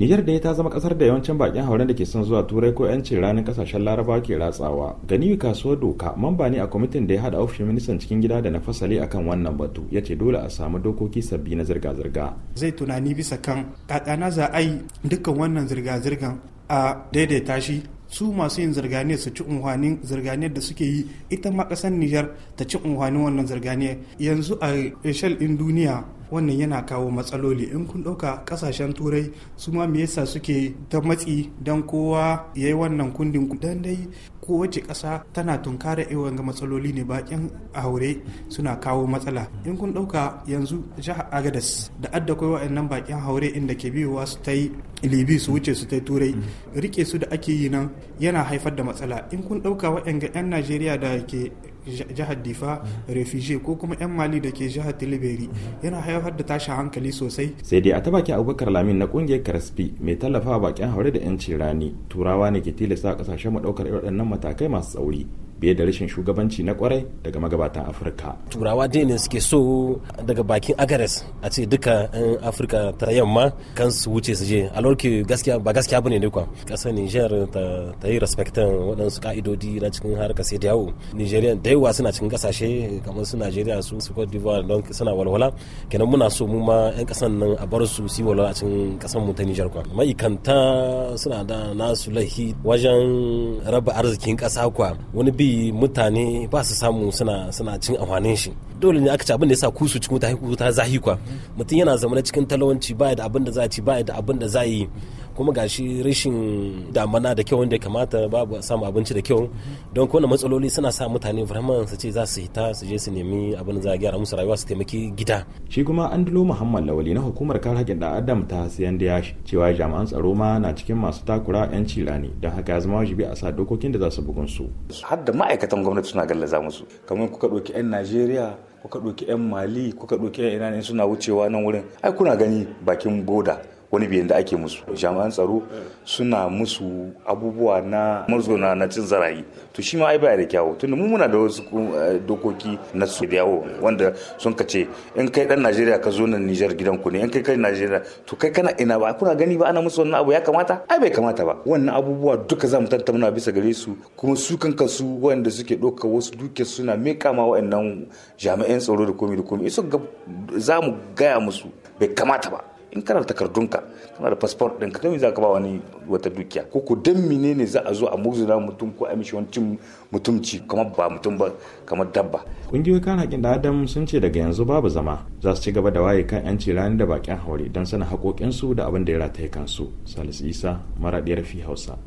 Nijar da ta zama kasar da yawancin bakin hauren da ke son zuwa Turai ko yancin ranar kasashen Laraba ke ratsawa. gani kasuwar doka mamba ne a kwamitin da ya hada ofishin ministan cikin gida da na fasali akan wannan batu ya ce dole a samu dokoki sabbi na zirga-zirga. Zai tunani bisa kan kakana za a yi dukkan wannan zirga-zirgan a daidaita shi su masu yin zirganiyar su ci unhwanin zirganiyar da suke yi ita ma kasar Nijar ta ci unhwanin wannan zirganiyar yanzu a Eshel duniya wannan yana kawo matsaloli in kun ɗauka ƙasashen turai su ma me yasa suke ta matsi don kowa ya yi wannan kundin kudan dai kowace ƙasa tana tunkara irin ga matsaloli ne bakin aure suna kawo matsala in kun ɗauka yanzu jihar agadas da adda kai waɗannan bakin haure inda ke biyowa su ta yi libi su wuce su ta yi turai rike su da ake yi nan yana haifar da matsala in kun ɗauka wa'anga 'yan najeriya da ke jihar difa refugee ko kuma 'yan mali da ke jihar tilibiri yana haifar da tashin hankali sosai sai dai a tabaki abubakar lamin na kungiyar karaspi mai tallafa bakin haure da 'yancin rani turawa ne ke tilasta kasashen mu daukar waɗannan matakai masu tsauri biye da rashin shugabanci na kwarai daga magabatan afirka turawa dai ne suke so daga bakin agares a ce duka yan afirka ta yamma kan su wuce su je alorki gaskiya ba gaskiya bane ne kwa kasar niger ta yi respectan waɗansu ka'idodi na cikin harkar sai yawo nigeria da yawa suna cikin kasashe kamar su nigeria su su cote d'ivoire don suna walwala kenan muna so mu ma yan kasan nan a bar su su walwala a cikin kasan mu ta niger kwa ma'aikanta suna da nasu lahi wajen raba arzikin kasa kwa wani bi mutane ba su samu suna suna cin amfanin shi dole ne aka ci abin da yasa ku su cikin wuta zahi kwa mutum yana zama cikin talawanci ba da abin da za ci ba da abin da za yi kuma gashi rashin damana da kyau wanda ya kamata babu samu abinci da kyau don kowane matsaloli suna sa mutane vraiment su ce za su hita su je su nemi abin za a gyara musu rayuwa su taimaki gida shi kuma an dilo muhammad lawali na hukumar kare haƙƙin da adam ta siyan da yashi cewa jami'an tsaro ma na cikin masu takura yanci rani don haka ya zama wajibi a sa dokokin da za su bugun su har da ma'aikatan gwamnati suna gallaza musu kamar kuka ɗauki 'yan najeriya kuka ɗauki 'yan mali kuka ɗauki 'yan iran suna wucewa nan wurin ai kuna gani bakin boda wani biyan da ake musu jami'an tsaro suna musu abubuwa na marzo na cin zarayi to shi ma ai baya da kyawu tunda mu muna da wasu eh, dokoki na su yawo wanda sun ka ce in kai dan Najeriya ka zo nan nijar gidan ku ne in kai kai Najeriya to kai kana ina ba kuna gani ba ana musu wannan abu ya kamata ai bai kamata ba wannan abubuwa duka zamu tantauna bisa gare su kuma su kanka su wanda suke doka wasu duke suna mika ma wa'annan jami'an tsaro da komai da komai su za mu gaya musu bai kamata ba in kana da takardunka kana da fasfor ɗinka don za ka ba wani wata dukiya ko ko dan ne za a zo a muzuna mutum ko a wancin mutumci kamar ba mutum ba kamar dabba kungiyoyin kan haƙin da adam sun ce daga yanzu babu zama za su ci gaba da waye kan yanci rani da bakin haure don sanin haƙoƙinsu da abin da ya rataye kansu salisu isa maraɗiyar fi hausa